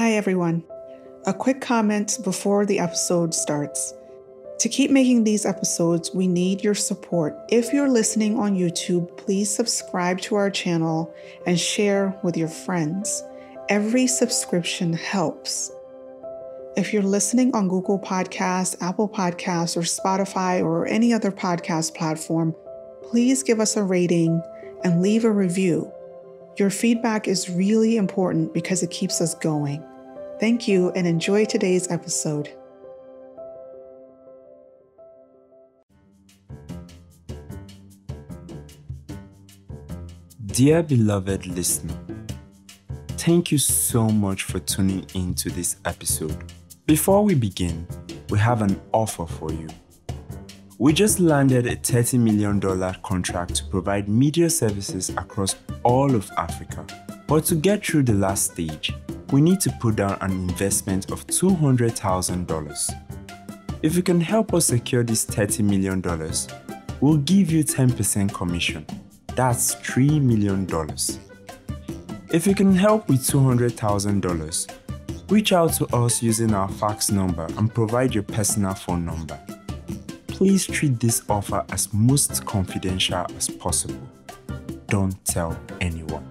Hi, everyone. A quick comment before the episode starts. To keep making these episodes, we need your support. If you're listening on YouTube, please subscribe to our channel and share with your friends. Every subscription helps. If you're listening on Google Podcasts, Apple Podcasts, or Spotify, or any other podcast platform, please give us a rating and leave a review. Your feedback is really important because it keeps us going. Thank you and enjoy today's episode. Dear beloved listener, thank you so much for tuning in to this episode. Before we begin, we have an offer for you. We just landed a $30 million contract to provide media services across all of Africa. But to get through the last stage, we need to put down an investment of $200,000. If you can help us secure this $30 million, we'll give you 10% commission. That's $3 million. If you can help with $200,000, reach out to us using our fax number and provide your personal phone number. Please treat this offer as most confidential as possible. Don't tell anyone.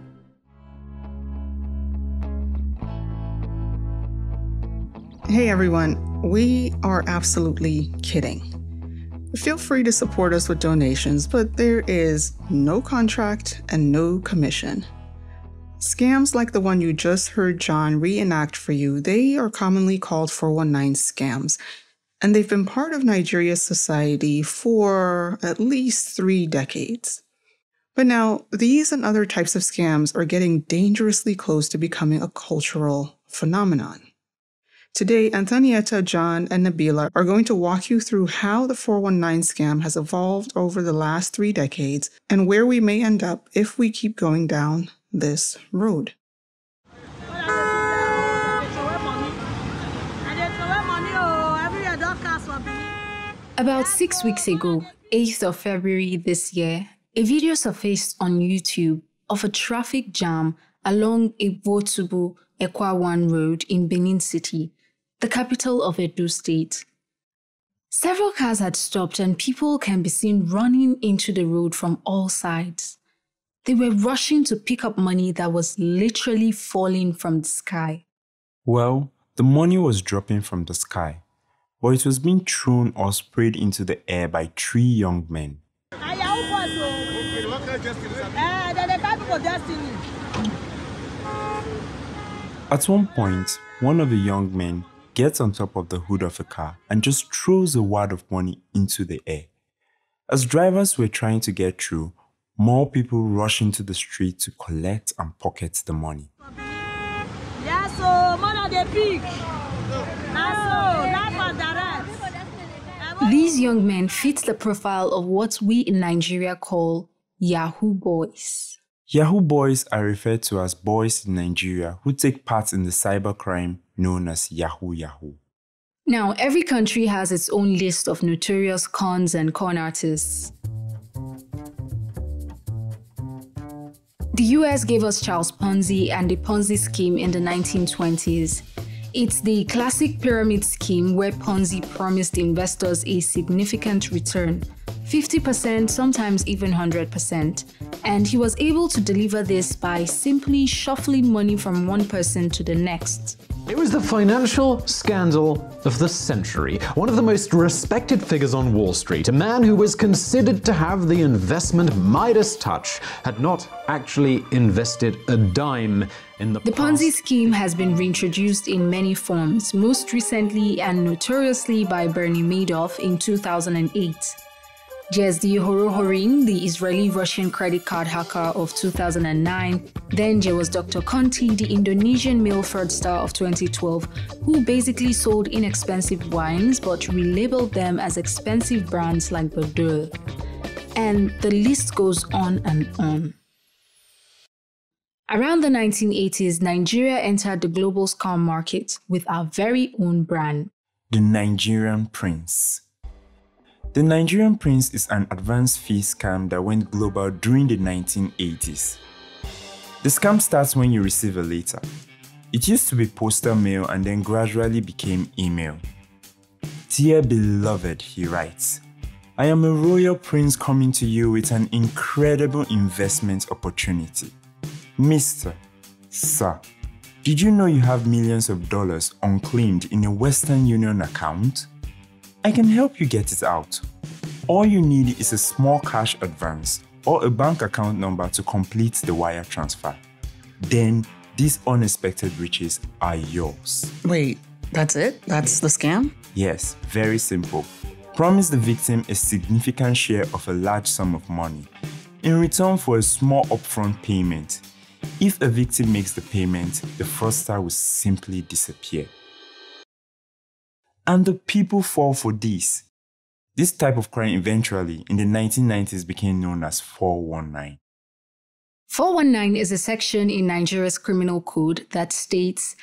Hey everyone, we are absolutely kidding. Feel free to support us with donations, but there is no contract and no commission. Scams like the one you just heard John reenact for you, they are commonly called 419 scams, and they've been part of Nigeria's society for at least three decades. But now, these and other types of scams are getting dangerously close to becoming a cultural phenomenon. Today, Antonietta, John, and Nabila are going to walk you through how the 419 scam has evolved over the last three decades and where we may end up if we keep going down this road. About six weeks ago, 8th of February this year, a video surfaced on YouTube of a traffic jam along Ebotubu Ekwa One Road in Benin City the capital of Edo State. Several cars had stopped and people can be seen running into the road from all sides. They were rushing to pick up money that was literally falling from the sky. Well, the money was dropping from the sky, but it was being thrown or sprayed into the air by three young men. At one point, one of the young men gets on top of the hood of a car and just throws a wad of money into the air. As drivers were trying to get through, more people rush into the street to collect and pocket the money. These young men fit the profile of what we in Nigeria call Yahoo boys. Yahoo boys are referred to as boys in Nigeria who take part in the cybercrime known as Yahoo Yahoo. Now, every country has its own list of notorious cons and con artists. The US gave us Charles Ponzi and the Ponzi scheme in the 1920s. It's the classic pyramid scheme where Ponzi promised investors a significant return 50%, sometimes even 100%. And he was able to deliver this by simply shuffling money from one person to the next. It was the financial scandal of the century. One of the most respected figures on Wall Street, a man who was considered to have the investment Midas touch, had not actually invested a dime in the The past. Ponzi scheme has been reintroduced in many forms, most recently and notoriously by Bernie Madoff in 2008. Jezdi Horin, the Israeli-Russian credit card hacker of 2009. Then there was Dr. Conti, the Indonesian mail fraudster of 2012, who basically sold inexpensive wines but relabeled them as expensive brands like Bordeaux. And the list goes on and on. Around the 1980s, Nigeria entered the global scam market with our very own brand. The Nigerian Prince. The Nigerian Prince is an advance fee scam that went global during the 1980s. The scam starts when you receive a letter. It used to be postal mail and then gradually became email. Dear beloved, he writes, I am a royal prince coming to you with an incredible investment opportunity. Mr. Sir, did you know you have millions of dollars unclaimed in a Western Union account? I can help you get it out. All you need is a small cash advance or a bank account number to complete the wire transfer. Then these unexpected riches are yours. Wait, that's it? That's the scam? Yes, very simple. Promise the victim a significant share of a large sum of money in return for a small upfront payment. If a victim makes the payment, the fraudster will simply disappear. And the people fall for this. This type of crime eventually, in the 1990s, became known as 419. 419 is a section in Nigeria's criminal code that states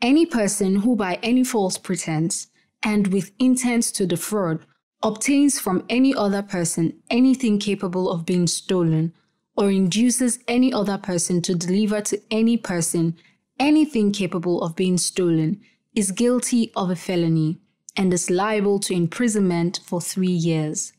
any person who, by any false pretense and with intent to defraud, obtains from any other person anything capable of being stolen, or induces any other person to deliver to any person anything capable of being stolen, is guilty of a felony and is liable to imprisonment for three years.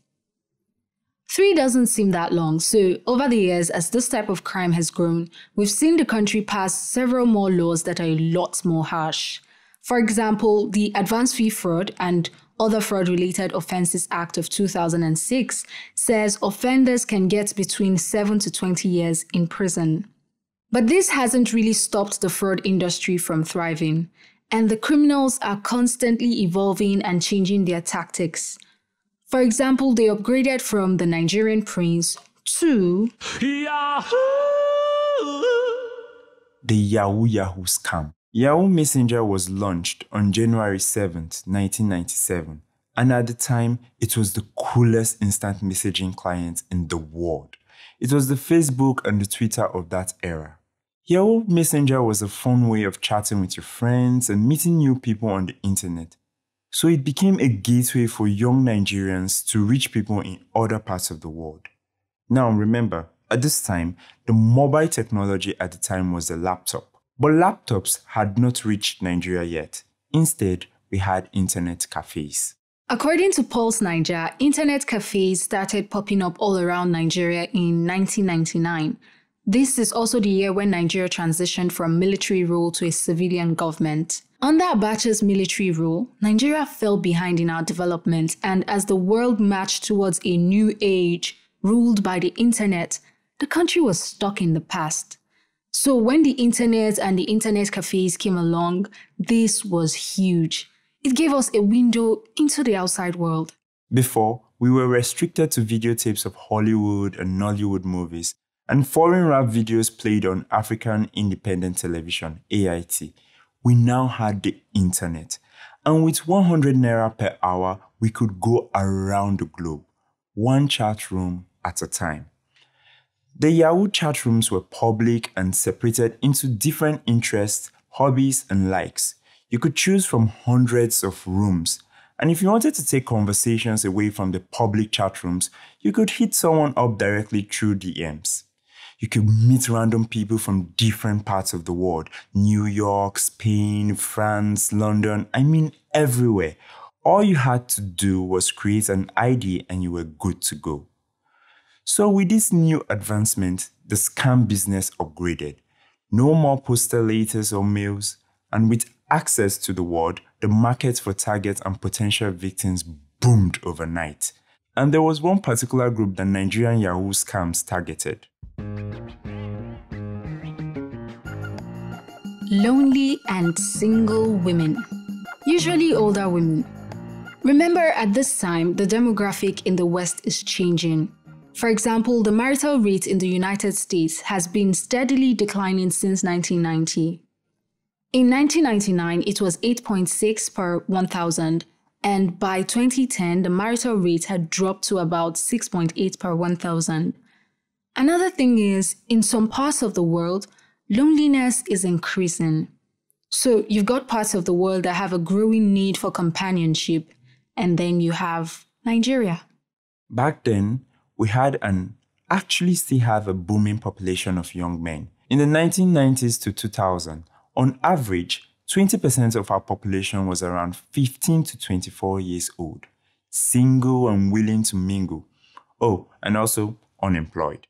Three doesn't seem that long, so over the years, as this type of crime has grown, we've seen the country pass several more laws that are a lot more harsh. For example, the Advance Fee Fraud and Other Fraud Related Offences Act of 2006 says offenders can get between 7 to 20 years in prison. But this hasn't really stopped the fraud industry from thriving and the criminals are constantly evolving and changing their tactics. For example, they upgraded from the Nigerian prince to Yahoo! The Yahoo Yahoo scam. Yahoo Messenger was launched on January 7, 1997, and at the time, it was the coolest instant messaging client in the world. It was the Facebook and the Twitter of that era. Yahoo Messenger was a fun way of chatting with your friends and meeting new people on the internet. So it became a gateway for young Nigerians to reach people in other parts of the world. Now remember, at this time, the mobile technology at the time was the laptop. But laptops had not reached Nigeria yet. Instead, we had internet cafes. According to Pulse Niger, internet cafes started popping up all around Nigeria in 1999. This is also the year when Nigeria transitioned from military rule to a civilian government. Under Abacha's military rule, Nigeria fell behind in our development, and as the world marched towards a new age ruled by the internet, the country was stuck in the past. So when the internet and the internet cafes came along, this was huge. It gave us a window into the outside world. Before, we were restricted to videotapes of Hollywood and Nollywood movies, and foreign rap videos played on African Independent Television, AIT, we now had the internet. And with 100 naira per hour, we could go around the globe, one chat room at a time. The Yahoo chat rooms were public and separated into different interests, hobbies, and likes. You could choose from hundreds of rooms. And if you wanted to take conversations away from the public chat rooms, you could hit someone up directly through DMs. You could meet random people from different parts of the world New York, Spain, France, London, I mean, everywhere. All you had to do was create an ID and you were good to go. So, with this new advancement, the scam business upgraded. No more postal letters or mails, and with access to the world, the market for targets and potential victims boomed overnight. And there was one particular group that Nigerian Yahoo scams targeted. Lonely and single women, usually older women. Remember, at this time, the demographic in the West is changing. For example, the marital rate in the United States has been steadily declining since 1990. In 1999, it was 8.6 per 1,000, and by 2010, the marital rate had dropped to about 6.8 per 1,000. Another thing is, in some parts of the world, loneliness is increasing. So you've got parts of the world that have a growing need for companionship, and then you have Nigeria. Back then, we had and actually still have a booming population of young men. In the 1990s to 2000, on average, 20% of our population was around 15 to 24 years old, single and willing to mingle. Oh, and also unemployed.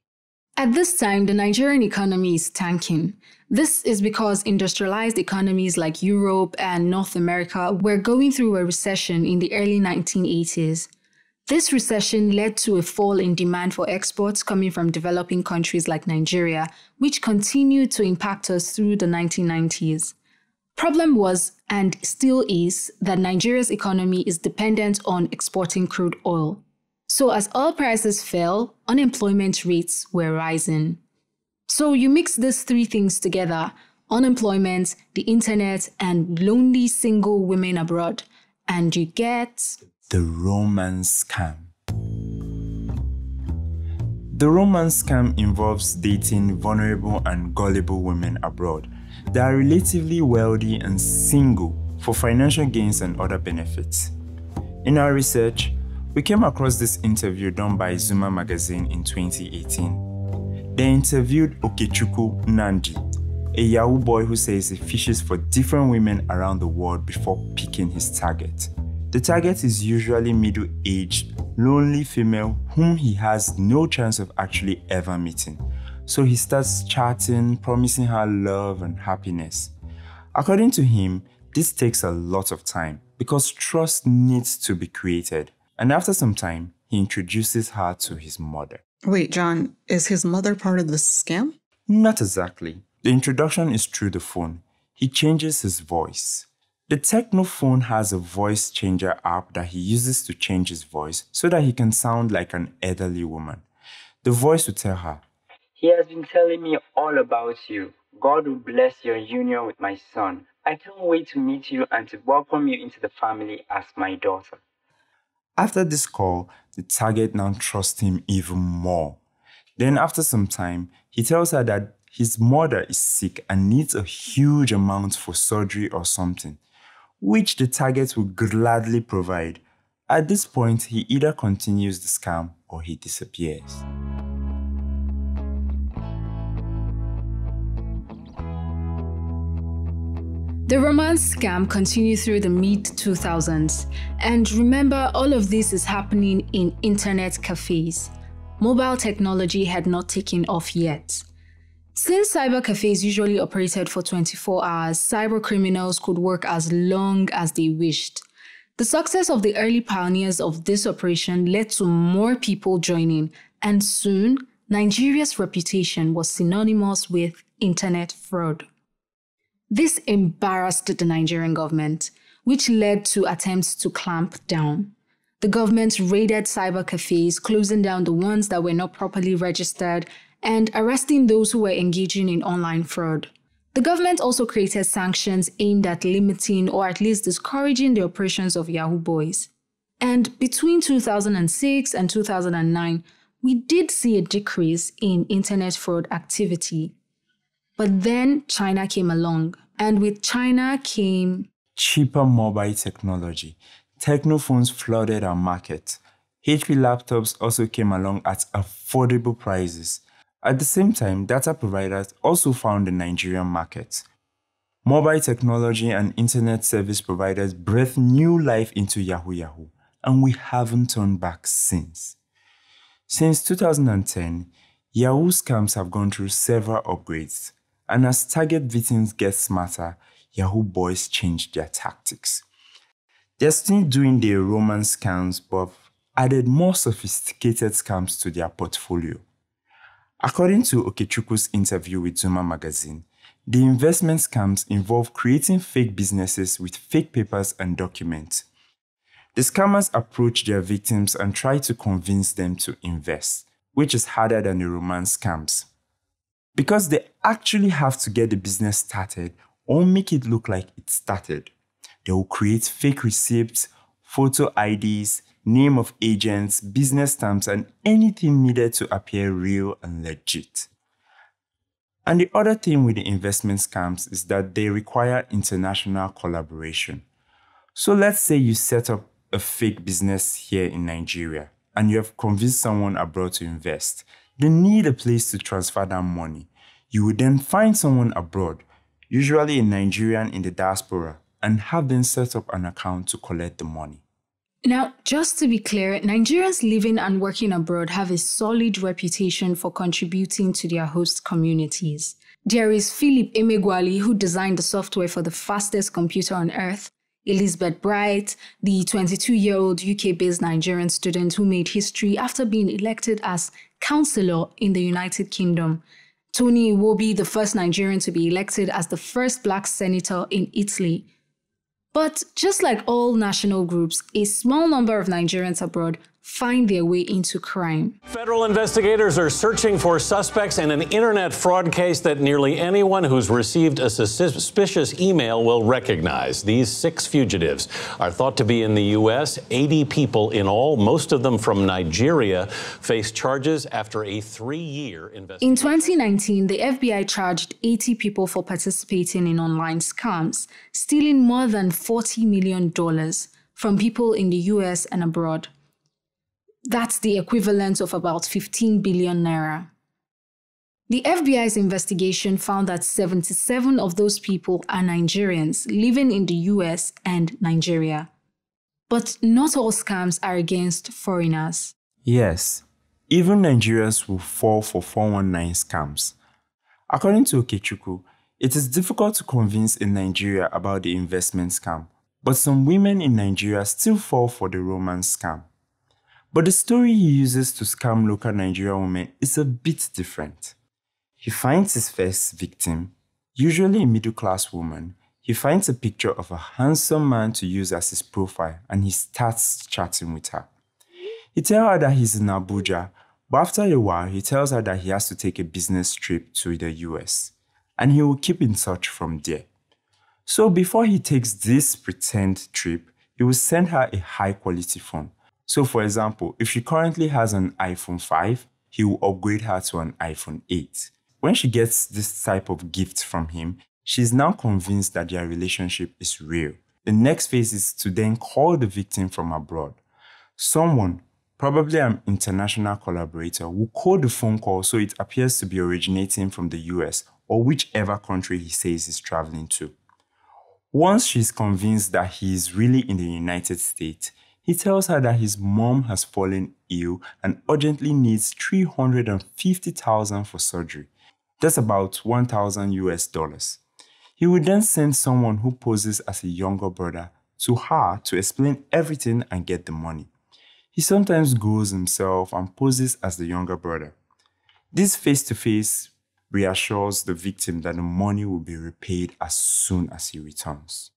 At this time, the Nigerian economy is tanking. This is because industrialized economies like Europe and North America were going through a recession in the early 1980s. This recession led to a fall in demand for exports coming from developing countries like Nigeria, which continued to impact us through the 1990s. Problem was and still is that Nigeria's economy is dependent on exporting crude oil. So, as oil prices fell, unemployment rates were rising. So, you mix these three things together unemployment, the internet, and lonely single women abroad, and you get. The romance scam. The romance scam involves dating vulnerable and gullible women abroad they are relatively wealthy and single for financial gains and other benefits. In our research, we came across this interview done by Zuma magazine in 2018. They interviewed Okechukwu Nandi, a Yahoo boy who says he fishes for different women around the world before picking his target. The target is usually middle aged, lonely female whom he has no chance of actually ever meeting, so he starts chatting, promising her love and happiness. According to him, this takes a lot of time because trust needs to be created. And after some time, he introduces her to his mother. Wait, John, is his mother part of the scam? Not exactly. The introduction is through the phone. He changes his voice. The Technophone has a voice changer app that he uses to change his voice so that he can sound like an elderly woman. The voice will tell her, he has been telling me all about you. God will bless your union with my son. I can't wait to meet you and to welcome you into the family as my daughter. After this call, the target now trusts him even more. Then, after some time, he tells her that his mother is sick and needs a huge amount for surgery or something, which the target will gladly provide. At this point, he either continues the scam or he disappears. The romance scam continued through the mid 2000s. And remember, all of this is happening in internet cafes. Mobile technology had not taken off yet. Since cyber cafes usually operated for 24 hours, cyber criminals could work as long as they wished. The success of the early pioneers of this operation led to more people joining, and soon, Nigeria's reputation was synonymous with internet fraud. This embarrassed the Nigerian government, which led to attempts to clamp down. The government raided cyber cafes, closing down the ones that were not properly registered and arresting those who were engaging in online fraud. The government also created sanctions aimed at limiting or at least discouraging the operations of Yahoo Boys. And between 2006 and 2009, we did see a decrease in internet fraud activity. But then China came along, and with China came cheaper mobile technology. Technophones flooded our market. HP laptops also came along at affordable prices. At the same time, data providers also found the Nigerian market. Mobile technology and internet service providers breathed new life into Yahoo Yahoo, and we haven't turned back since. Since 2010, Yahoo scams have gone through several upgrades. And as target victims get smarter, Yahoo boys change their tactics. They're still doing their romance scams, but added more sophisticated scams to their portfolio. According to Okechukwu's interview with Zuma magazine, the investment scams involve creating fake businesses with fake papers and documents. The scammers approach their victims and try to convince them to invest, which is harder than the romance scams because they actually have to get the business started or make it look like it started. They will create fake receipts, photo IDs, name of agents, business stamps, and anything needed to appear real and legit. And the other thing with the investment scams is that they require international collaboration. So let's say you set up a fake business here in Nigeria and you have convinced someone abroad to invest they need a place to transfer that money. You would then find someone abroad, usually a Nigerian in the diaspora, and have them set up an account to collect the money. Now, just to be clear, Nigerians living and working abroad have a solid reputation for contributing to their host communities. There is Philip Emegwali, who designed the software for the fastest computer on earth, Elizabeth Bright, the 22 year old UK based Nigerian student who made history after being elected as councillor in the United Kingdom. Tony will be the first Nigerian to be elected as the first black senator in Italy. But just like all national groups, a small number of Nigerians abroad find their way into crime. Federal investigators are searching for suspects in an internet fraud case that nearly anyone who's received a suspicious email will recognize. These six fugitives are thought to be in the U.S. 80 people in all, most of them from Nigeria, face charges after a three year investigation. In 2019, the FBI charged 80 people for participating in online scams, stealing more than $40 million from people in the U.S. and abroad. That's the equivalent of about 15 billion naira. The FBI's investigation found that 77 of those people are Nigerians living in the US and Nigeria. But not all scams are against foreigners. Yes, even Nigerians will fall for 419 scams. According to Okechukwu, it is difficult to convince in Nigeria about the investment scam, but some women in Nigeria still fall for the romance scam. But the story he uses to scam local Nigerian women is a bit different. He finds his first victim, usually a middle class woman. He finds a picture of a handsome man to use as his profile and he starts chatting with her. He tells her that he's in Abuja, but after a while, he tells her that he has to take a business trip to the US and he will keep in touch from there. So before he takes this pretend trip, he will send her a high quality phone so for example, if she currently has an iPhone 5, he will upgrade her to an iPhone 8. When she gets this type of gift from him, she's now convinced that their relationship is real. The next phase is to then call the victim from abroad. Someone, probably an international collaborator, will call the phone call so it appears to be originating from the US or whichever country he says he's traveling to. Once she's convinced that he is really in the United States, he tells her that his mom has fallen ill and urgently needs 350,000 for surgery. That's about 1,000 US dollars. He would then send someone who poses as a younger brother to her to explain everything and get the money. He sometimes goes himself and poses as the younger brother. This face to face reassures the victim that the money will be repaid as soon as he returns.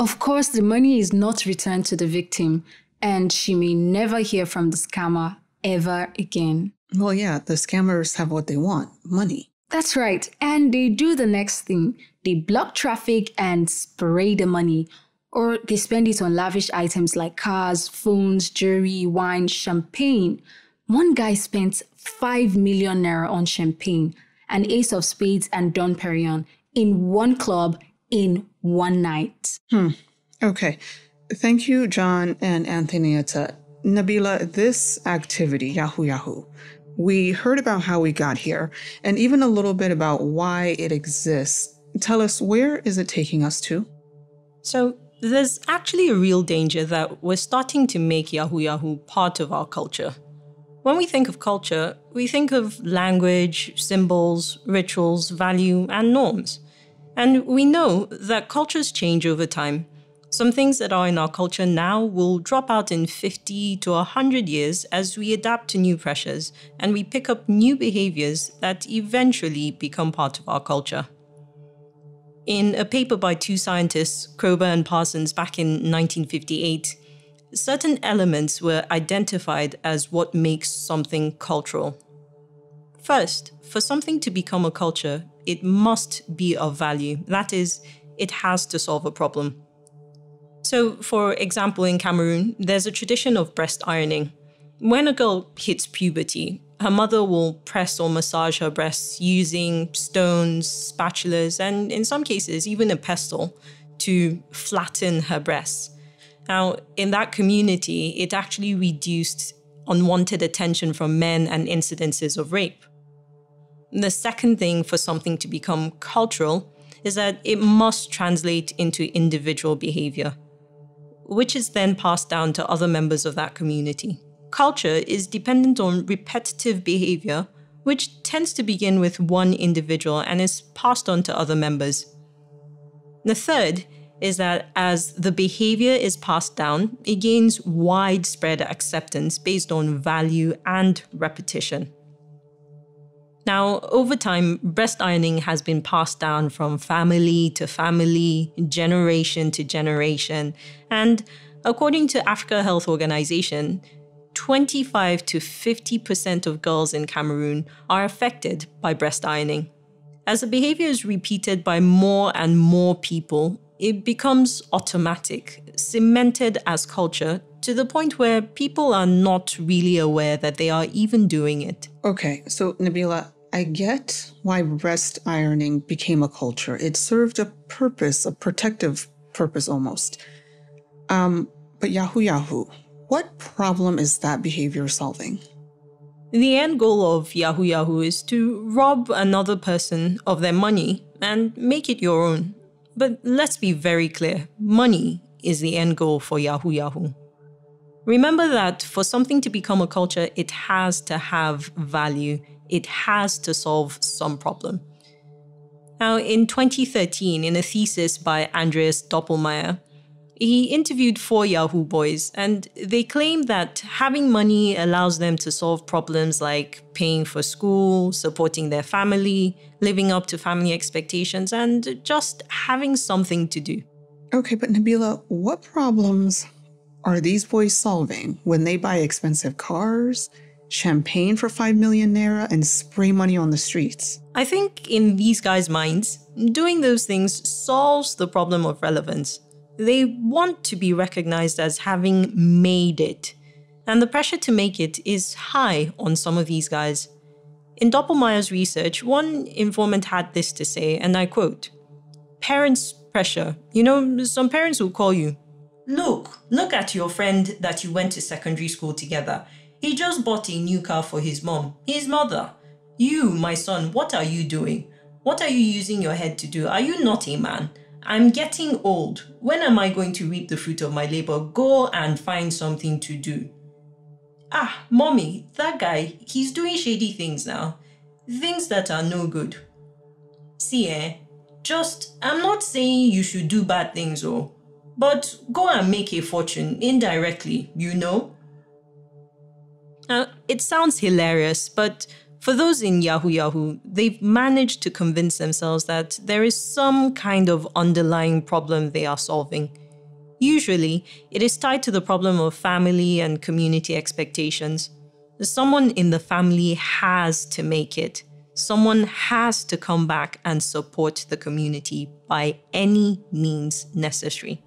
Of course, the money is not returned to the victim, and she may never hear from the scammer ever again. Well, yeah, the scammers have what they want money. That's right. And they do the next thing they block traffic and spray the money, or they spend it on lavish items like cars, phones, jewelry, wine, champagne. One guy spent 5 million naira on champagne, an ace of spades, and Don Perignon in one club in one night. Hmm. Okay. Thank you, John and Anthony. It's a Nabila, this activity, Yahoo Yahoo, we heard about how we got here and even a little bit about why it exists. Tell us, where is it taking us to? So, there's actually a real danger that we're starting to make Yahoo Yahoo part of our culture. When we think of culture, we think of language, symbols, rituals, value, and norms. And we know that cultures change over time. Some things that are in our culture now will drop out in 50 to 100 years as we adapt to new pressures and we pick up new behaviors that eventually become part of our culture. In a paper by two scientists, Kroeber and Parsons, back in 1958, certain elements were identified as what makes something cultural. First, for something to become a culture, it must be of value. That is, it has to solve a problem. So, for example, in Cameroon, there's a tradition of breast ironing. When a girl hits puberty, her mother will press or massage her breasts using stones, spatulas, and in some cases, even a pestle to flatten her breasts. Now, in that community, it actually reduced unwanted attention from men and incidences of rape. The second thing for something to become cultural is that it must translate into individual behavior, which is then passed down to other members of that community. Culture is dependent on repetitive behavior, which tends to begin with one individual and is passed on to other members. The third is that as the behavior is passed down, it gains widespread acceptance based on value and repetition. Now, over time, breast ironing has been passed down from family to family, generation to generation, and according to Africa Health Organization, 25 to 50% of girls in Cameroon are affected by breast ironing. As the behavior is repeated by more and more people, it becomes automatic, cemented as culture to the point where people are not really aware that they are even doing it. Okay, so Nabila, I get why breast ironing became a culture. It served a purpose, a protective purpose almost. Um, but Yahoo Yahoo, what problem is that behavior solving? The end goal of Yahoo Yahoo is to rob another person of their money and make it your own. But let's be very clear money is the end goal for Yahoo Yahoo. Remember that for something to become a culture, it has to have value it has to solve some problem. Now, in 2013, in a thesis by Andreas Doppelmayr, he interviewed four Yahoo boys, and they claim that having money allows them to solve problems like paying for school, supporting their family, living up to family expectations, and just having something to do. Okay, but Nabila, what problems are these boys solving when they buy expensive cars, champagne for 5 million naira, and spray money on the streets. I think in these guys' minds, doing those things solves the problem of relevance. They want to be recognized as having made it. And the pressure to make it is high on some of these guys. In Doppelmayer's research, one informant had this to say, and I quote Parents' pressure. You know, some parents will call you. Look, look at your friend that you went to secondary school together. He just bought a new car for his mom, his mother. You, my son, what are you doing? What are you using your head to do? Are you not a man? I'm getting old. When am I going to reap the fruit of my labor? Go and find something to do. Ah, mommy, that guy, he's doing shady things now. Things that are no good. See, eh? Just, I'm not saying you should do bad things, oh. But go and make a fortune indirectly, you know? Now, it sounds hilarious, but for those in Yahoo Yahoo, they've managed to convince themselves that there is some kind of underlying problem they are solving. Usually, it is tied to the problem of family and community expectations. Someone in the family has to make it. Someone has to come back and support the community by any means necessary.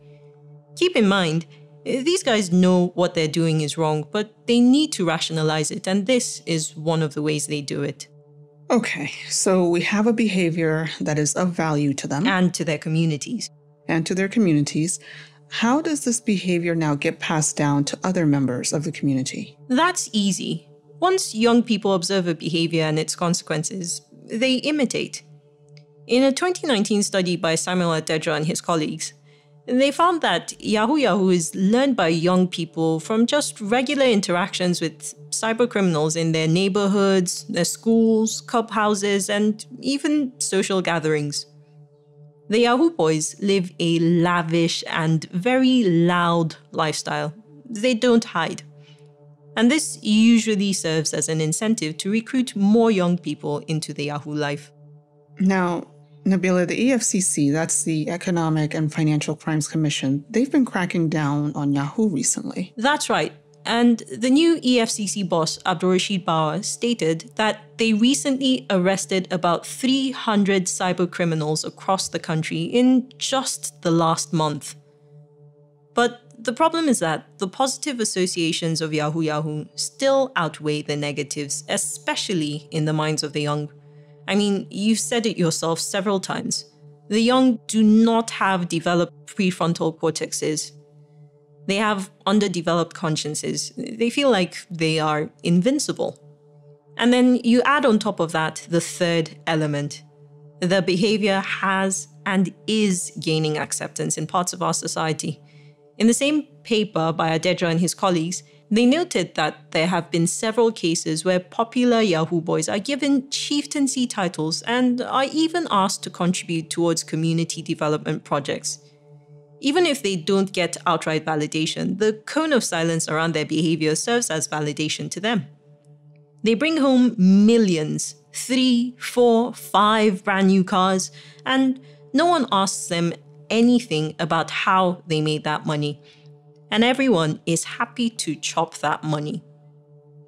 Keep in mind, Eh, these guys know what they're doing is wrong, but they need to rationalize it, and this is one of the ways they do it. Okay, so we have a behavior that is of value to them and to their communities. And to their communities. How does this behavior now get passed down to other members of the community? That's easy. Once young people observe a behavior and its consequences, they imitate. In a 2019 study by Samuel Adedra and his colleagues, and they found that Yahoo Yahoo is learned by young people from just regular interactions with cyber criminals in their neighborhoods, their schools, clubhouses, and even social gatherings. The Yahoo boys live a lavish and very loud lifestyle. They don't hide. And this usually serves as an incentive to recruit more young people into the Yahoo life. Now, Nabila, the EFCC, that's the Economic and Financial Crimes Commission, they've been cracking down on Yahoo recently. That's right. And the new EFCC boss, Abdurrashid Bawa, stated that they recently arrested about 300 cybercriminals across the country in just the last month. But the problem is that the positive associations of Yahoo Yahoo still outweigh the negatives, especially in the minds of the young. I mean, you've said it yourself several times. The young do not have developed prefrontal cortexes. They have underdeveloped consciences. They feel like they are invincible. And then you add on top of that the third element. The behavior has and is gaining acceptance in parts of our society. In the same paper by Adedra and his colleagues, they noted that there have been several cases where popular Yahoo boys are given chieftaincy titles and are even asked to contribute towards community development projects. Even if they don't get outright validation, the cone of silence around their behavior serves as validation to them. They bring home millions three, four, five brand new cars, and no one asks them anything about how they made that money. And everyone is happy to chop that money.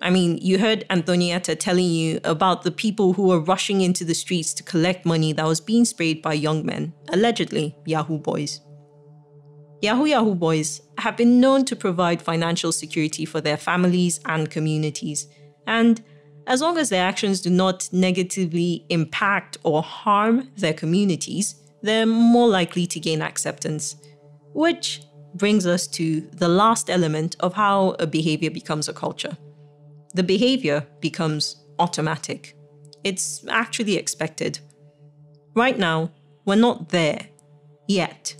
I mean, you heard Antonietta telling you about the people who were rushing into the streets to collect money that was being sprayed by young men, allegedly Yahoo boys. Yahoo Yahoo boys have been known to provide financial security for their families and communities, and as long as their actions do not negatively impact or harm their communities, they're more likely to gain acceptance. Which brings us to the last element of how a behavior becomes a culture. The behavior becomes automatic. It's actually expected. Right now, we're not there yet.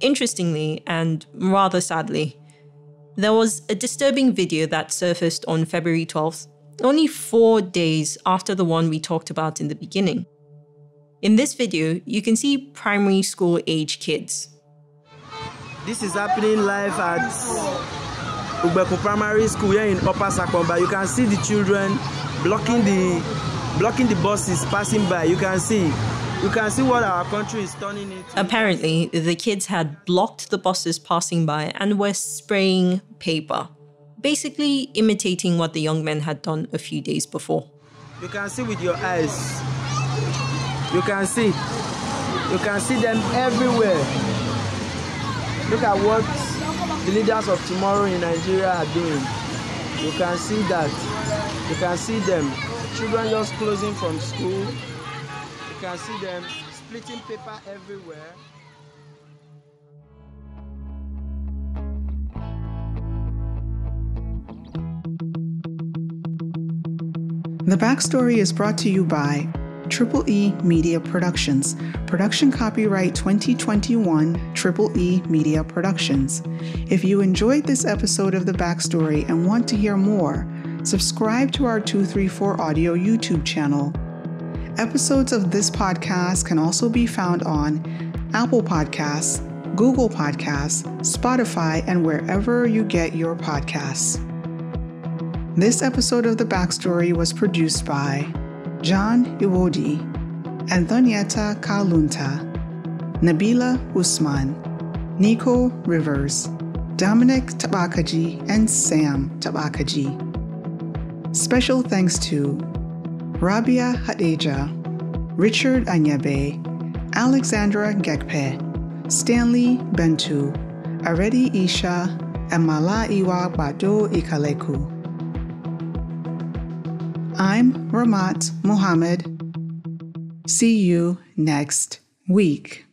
Interestingly, and rather sadly, there was a disturbing video that surfaced on February 12th, only four days after the one we talked about in the beginning. In this video, you can see primary school age kids. This is happening live at Ubeku Primary School here in Upper Sakomba. You can see the children blocking the blocking the buses passing by. You can see you can see what our country is turning into. Apparently, the kids had blocked the buses passing by and were spraying paper, basically imitating what the young men had done a few days before. You can see with your eyes you can see. You can see them everywhere. Look at what the leaders of tomorrow in Nigeria are doing. You can see that. You can see them. Children just closing from school. You can see them splitting paper everywhere. The backstory is brought to you by Triple E Media Productions. Production copyright 2021 Triple E Media Productions. If you enjoyed this episode of The Backstory and want to hear more, subscribe to our 234 Audio YouTube channel. Episodes of this podcast can also be found on Apple Podcasts, Google Podcasts, Spotify, and wherever you get your podcasts. This episode of The Backstory was produced by John Iwodi, Anthonyetta Kalunta, Nabila Usman, Nico Rivers, Dominic Tabakaji, and Sam Tabakaji. Special thanks to Rabia Hadeja, Richard Anyabe, Alexandra Gekpe, Stanley Bentu, Aredi Isha, and Malaiwa Bado Ikaleku. I'm Ramat Mohammed. See you next week.